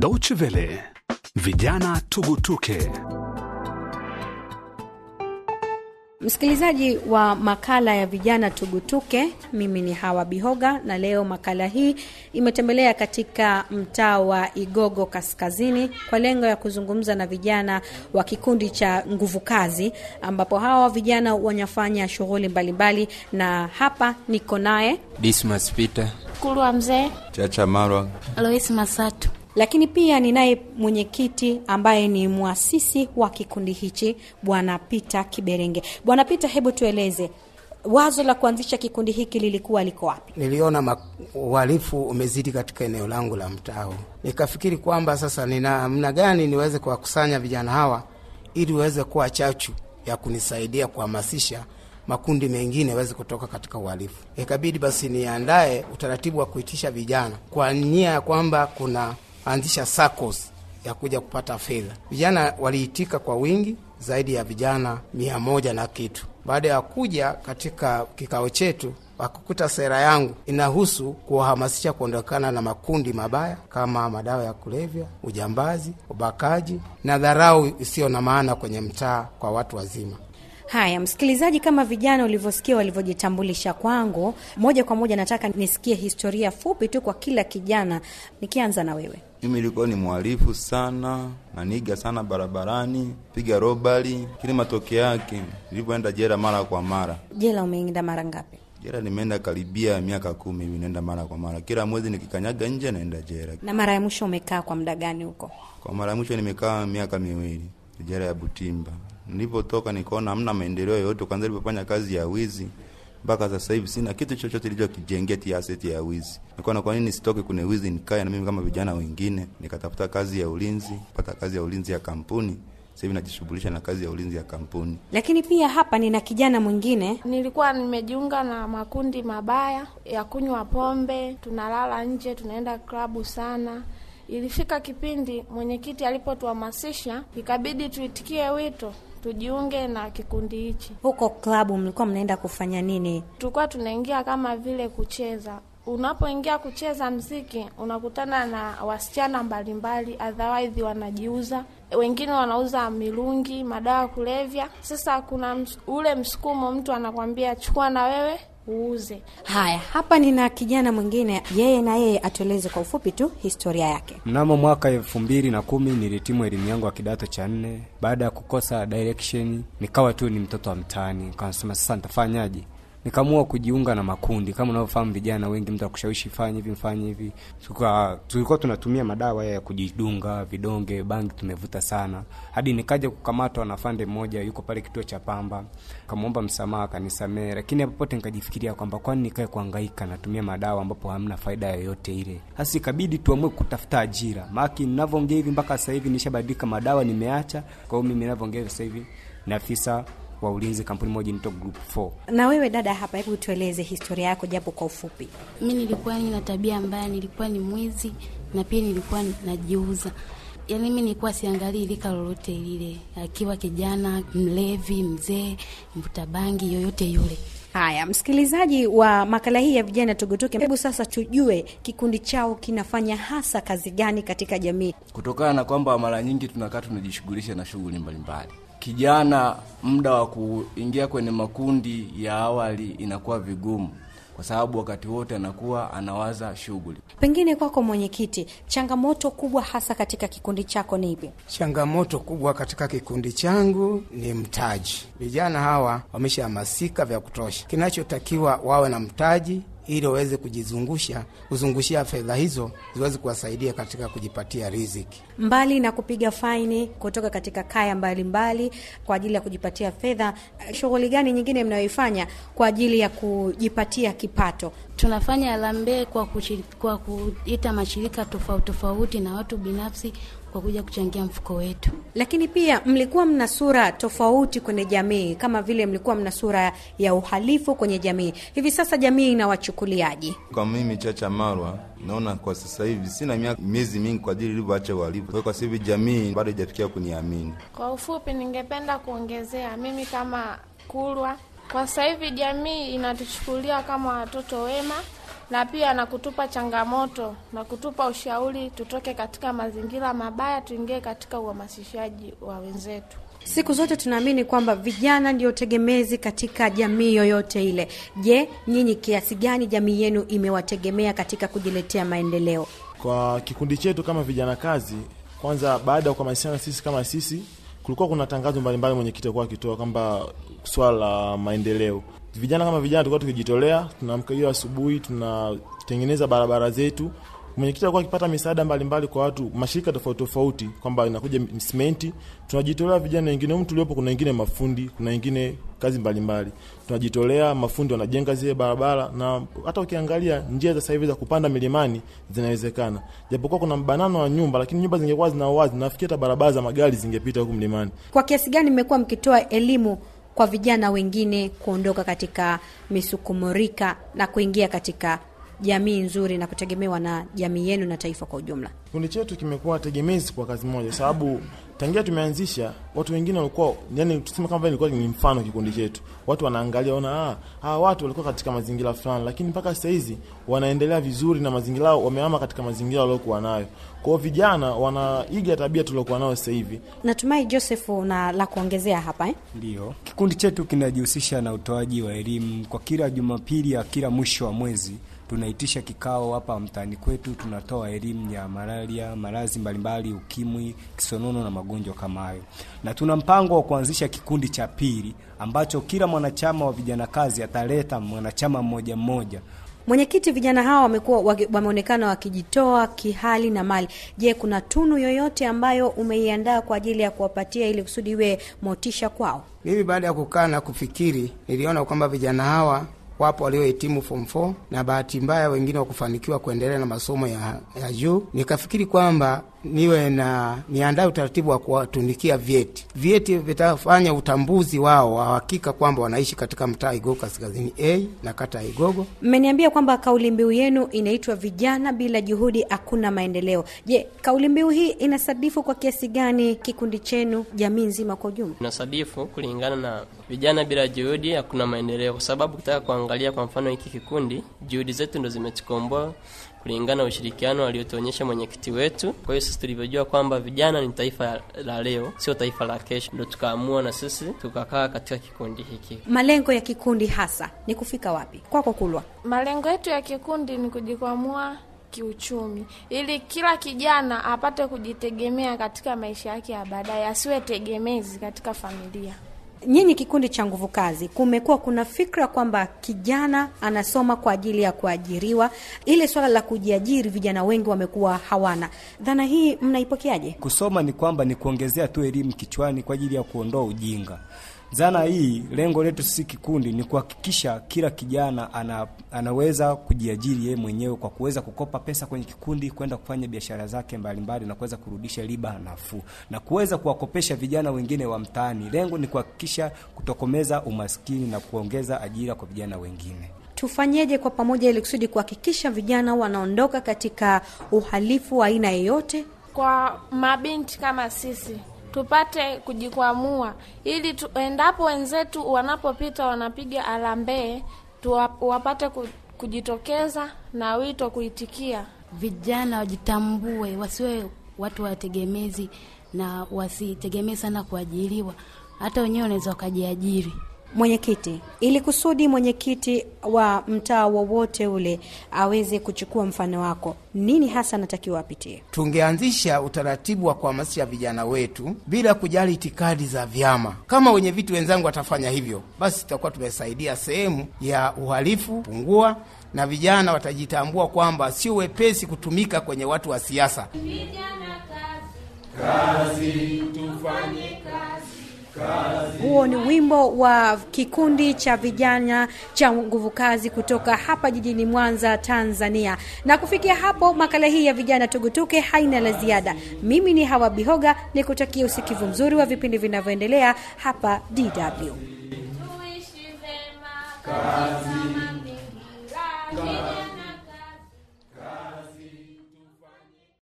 Deutsche Welle, vijana tugutuke. Msikilizaji wa makala ya vijana tugutuke, mimi ni Hawa Bihoga, na leo makala hii imetembelea katika mtaa wa Igogo Kaskazini kwa lengo ya kuzungumza na vijana wa kikundi cha Nguvu Kazi, ambapo hawa vijana wanafanya shughuli mbalimbali, na hapa niko naye Dismas Peter Kulwa, Mzee Chacha Marwa, Lois Masatu lakini pia ninaye mwenyekiti ambaye ni mwasisi wa kikundi hichi Bwana pita Kiberenge. Bwana pita hebu tueleze wazo la kuanzisha kikundi hiki lilikuwa liko wapi? Niliona uhalifu umezidi katika eneo langu la mtaa, nikafikiri kwamba sasa nina namna gani niweze kuwakusanya vijana hawa ili waweze kuwa chachu ya kunisaidia kuhamasisha makundi mengine yaweze kutoka katika uhalifu. Ikabidi basi niandae utaratibu wa kuitisha vijana kwa nia ya kwamba kuna anzisha SACCOS ya kuja kupata fedha. Vijana waliitika kwa wingi zaidi ya vijana mia moja na kitu. Baada ya kuja katika kikao chetu, wakakuta sera yangu inahusu kuwahamasisha kuondokana na makundi mabaya kama madawa ya kulevya, ujambazi, ubakaji na dharau isiyo na maana kwenye mtaa kwa watu wazima. Haya msikilizaji, kama vijana ulivyosikia walivyojitambulisha kwangu, moja kwa moja nataka nisikie historia fupi tu kwa kila kijana, nikianza na wewe. Mimi ilikuwa ni mhalifu sana, naniga sana barabarani, piga robali, kile matokeo yake nilivyoenda jela mara kwa mara. Jela umeenda mara ngapi? Jela nimeenda karibia miaka kumi hivi, naenda mara kwa mara, kila mwezi nikikanyaga nje naenda jela. Na mara ya mwisho umekaa kwa muda gani huko? Kwa mara ya mwisho nimekaa miaka miwili jela ya Butimba. Nilipotoka nikaona hamna maendeleo yoyote, kwanza nilipofanya kazi ya wizi mpaka sasa hivi sina kitu chochote nilichokijengea ti aseti ya wizi. Nikaona kwa nini sitoke kwenye wizi nikae na mimi kama vijana wengine, nikatafuta kazi ya ulinzi, pata kazi ya ulinzi ya kampuni sasa hivi najishughulisha na kazi ya ulinzi ya kampuni. Lakini pia hapa nina kijana mwingine, nilikuwa nimejiunga na makundi mabaya ya kunywa pombe, tunalala nje, tunaenda klabu sana. Ilifika kipindi mwenyekiti alipotuhamasisha, ikabidi tuitikie wito tujiunge na kikundi hichi. Huko klabu mlikuwa mnaenda kufanya nini? Tulikuwa tunaingia kama vile kucheza. Unapoingia kucheza mziki unakutana na wasichana mbalimbali, otherwise wanajiuza wengine wanauza mirungi, madawa kulevya. Sasa kuna ms ule msukumo, mtu anakwambia chukua na wewe uuze. Haya, hapa nina kijana mwingine, yeye na yeye atueleze kwa ufupi tu historia yake. Mnamo mwaka elfu mbili na kumi nilihitimu elimu yangu ya kidato cha nne. Baada ya kukosa direction, nikawa tu ni mtoto wa mtaani, nikasema sasa nitafanyaje? nikaamua kujiunga na makundi. Kama unavyofahamu vijana wengi, mtu akushawishi fanye hivi mfanye hivi. Tulikuwa tunatumia madawa ya kujidunga, vidonge, bangi tumevuta sana, hadi nikaja kukamatwa na fande mmoja, yuko pale kituo cha Pamba. Kamwomba msamaha, akanisamehe, lakini apopote nikajifikiria kwamba kwani nikae kuhangaika natumia madawa ambapo hamna faida yoyote ile. Hasa ikabidi tuamue kutafuta ajira, maki ninavyoongea hivi mpaka sasa hivi nishabadilika, madawa nimeacha. Kwa hiyo mimi ninavyoongea sasa hivi ni wa ulinzi, kampuni moja inaitwa Group 4. Na wewe dada hapa, hebu tueleze historia yako japo kwa ufupi. Mi nilikuwa nina tabia mbaya, nilikuwa ni mwizi na pia nilikuwa najiuza Yani mi nilikuwa siangalii lika lolote lile, akiwa kijana, mlevi, mzee, mvuta bangi, yoyote yule. Haya, msikilizaji wa makala hii ya vijana Togotoke, hebu sasa tujue kikundi chao kinafanya hasa kazi gani katika jamii, kutokana na kwamba mara nyingi tunakaa tunajishughulisha na shughuli mbalimbali kijana muda wa kuingia kwenye makundi ya awali inakuwa vigumu kwa sababu wakati wote anakuwa anawaza shughuli. Pengine kwako mwenyekiti, changamoto kubwa hasa katika kikundi chako ni hivi Changamoto kubwa katika kikundi changu ni mtaji. Vijana hawa wameshahamasika vya kutosha, kinachotakiwa wawe na mtaji ili waweze kujizungusha kuzungushia fedha hizo ziweze kuwasaidia katika kujipatia riziki, mbali na kupiga faini kutoka katika kaya mbalimbali mbali, kwa ajili ya kujipatia fedha. Eh, shughuli gani nyingine mnayoifanya kwa ajili ya kujipatia kipato? Tunafanya harambee kwa, kwa kuita mashirika tofauti tofauti na watu binafsi kwa kuja kuchangia mfuko wetu. Lakini pia mlikuwa mna sura tofauti kwenye jamii, kama vile mlikuwa mna sura ya uhalifu kwenye jamii. Hivi sasa jamii inawachukuliaje? Kwa mimi Chacha Marwa, naona kwa sasa hivi sina miaka miezi mingi kwa ajili ilivyoacha uhalifu kwa, kwa sasa hivi jamii bado haijafikia kuniamini. Kwa ufupi, ningependa kuongezea mimi kama Kulwa, kwa sasa hivi jamii inatuchukulia kama watoto wema na pia na kutupa changamoto na kutupa ushauri tutoke katika mazingira mabaya tuingie katika uhamasishaji wa wenzetu. Siku zote tunaamini kwamba vijana ndio tegemezi katika jamii yoyote ile. Je, nyinyi kiasi gani jamii yenu imewategemea katika kujiletea maendeleo? Kwa kikundi chetu kama vijana kazi, kwanza baada ya kuhamasishana sisi kama sisi, kulikuwa kuna tangazo mbalimbali mwenyekiti akuwa akitoa kwamba swala la maendeleo vijana kama vijana tulikuwa tukijitolea, tunaamka hiyo asubuhi, tunatengeneza barabara zetu. Mwenyekiti alikuwa akipata misaada mbalimbali kwa watu mashirika tofauti tofauti, kwamba inakuja simenti, tunajitolea vijana wengine mtu uliopo, kuna wengine mafundi, kuna wengine kazi mbalimbali, mbali. tunajitolea. Mafundi wanajenga zile barabara, na hata ukiangalia njia za sasa hivi za kupanda milimani zinawezekana, japokuwa kuna mbanano wa nyumba, lakini nyumba zingekuwa zina uwazi, nafikiri hata barabara za magari zingepita huku mlimani. Kwa kiasi gani mmekuwa mkitoa elimu kwa vijana wengine kuondoka katika misukumurika na kuingia katika jamii nzuri na kutegemewa na jamii yenu na taifa kwa ujumla? Kikundi chetu kimekuwa tegemezi kwa kazi moja, sababu tangia tumeanzisha watu wengine walikuwa yani, tuseme kama vile ilikuwa ni mfano kikundi chetu, watu wanaangalia ona, ah, hawa watu walikuwa katika mazingira fulani, lakini mpaka sasa hizi wanaendelea vizuri na mazingira yao, wamehama katika mazingira waliokuwa nayo. Kwa vijana wanaiga tabia tuliokuwa nayo sasa hivi. Natumai Joseph na la kuongezea hapa eh? Ndio, kikundi chetu kinajihusisha na utoaji wa elimu kwa kila Jumapili ya kila mwisho wa mwezi tunaitisha kikao hapa mtaani kwetu, tunatoa elimu ya malaria, maradhi mbalimbali, ukimwi, kisonono na magonjwa kama hayo, na tuna mpango wa kuanzisha kikundi cha pili ambacho kila mwanachama wa vijana kazi ataleta mwanachama mmoja mmoja. Mwenyekiti, vijana hawa wamekuwa wameonekana wakijitoa kihali na mali. Je, kuna tunu yoyote ambayo umeiandaa kwa ajili ya kuwapatia ili kusudi iwe motisha kwao? Mimi baada ya kukaa na kufikiri, niliona kwamba vijana hawa wapo waliohitimu form 4 na bahati mbaya wengine wakufanikiwa kuendelea na masomo ya, ya juu. Nikafikiri kwamba niwe na niandae utaratibu wa kuwatunikia vyeti. Vyeti vitafanya utambuzi wao wa hakika kwamba wanaishi katika mtaa Igogo Kaskazini A na kata ya Igogo. Mmeniambia kwamba kauli mbiu yenu inaitwa vijana bila juhudi hakuna maendeleo. Je, kauli mbiu hii inasadifu kwa kiasi gani kikundi chenu, jamii nzima kwa ujumla? Inasadifu kulingana na vijana bila juhudi hakuna maendeleo, kwa sababu ukitaka kuangalia, kwa mfano hiki kikundi, juhudi zetu ndo zimetukomboa kulingana ushirikiano aliotuonyesha mwenyekiti wetu. Kwa hiyo sisi tulivyojua kwamba vijana ni taifa la leo, sio taifa la kesho, ndo tukaamua na sisi tukakaa katika kikundi hiki. Malengo ya kikundi hasa ni kufika wapi kwako, Kulwa? Malengo yetu ya kikundi ni kujikwamua kiuchumi ili kila kijana apate kujitegemea katika maisha yake ya baadaye, asiwe tegemezi katika familia nyinyi kikundi cha nguvu kazi, kumekuwa kuna fikra kwamba kijana anasoma kwa ajili ya kuajiriwa. Ile swala la kujiajiri vijana wengi wamekuwa hawana dhana hii, mnaipokeaje? Kusoma ni kwamba ni kuongezea tu elimu kichwani kwa ajili ya kuondoa ujinga. Zana hii lengo letu sisi kikundi ni kuhakikisha kila kijana ana, anaweza kujiajiri yeye mwenyewe kwa kuweza kukopa pesa kwenye kikundi kwenda kufanya biashara zake mbalimbali na kuweza kurudisha riba nafuu na kuweza kuwakopesha vijana wengine wa mtaani. Lengo ni kuhakikisha kutokomeza umaskini na kuongeza ajira kwa vijana wengine. Tufanyeje kwa pamoja ili kusudi kuhakikisha vijana wanaondoka katika uhalifu wa aina yoyote? Kwa mabinti kama sisi tupate kujikwamua ili tu, endapo wenzetu wanapopita wanapiga harambee wapate kujitokeza na wito kuitikia. Vijana wajitambue, wasiwe watu wategemezi na wasitegemee sana kuajiriwa, hata wenyewe wanaweza wakajiajiri. Mwenyekiti, ili kusudi mwenyekiti wa mtaa wowote ule aweze kuchukua mfano wako, nini hasa anatakiwa apitie? Tungeanzisha utaratibu wa kuhamasisha vijana wetu bila kujali itikadi za vyama. Kama wenye viti wenzangu watafanya hivyo, basi tutakuwa tumesaidia sehemu ya uhalifu pungua, na vijana watajitambua kwamba sio wepesi kutumika kwenye watu wa siasa. Vijana kazi, kazi tufanye kazi. Huo ni wimbo wa kikundi cha vijana cha nguvu kazi kutoka hapa jijini Mwanza, Tanzania. Na kufikia hapo, makala hii ya vijana tugutuke haina la ziada. Mimi ni Hawa Bihoga, ni kutakia usikivu mzuri wa vipindi vinavyoendelea hapa DW. Kazi.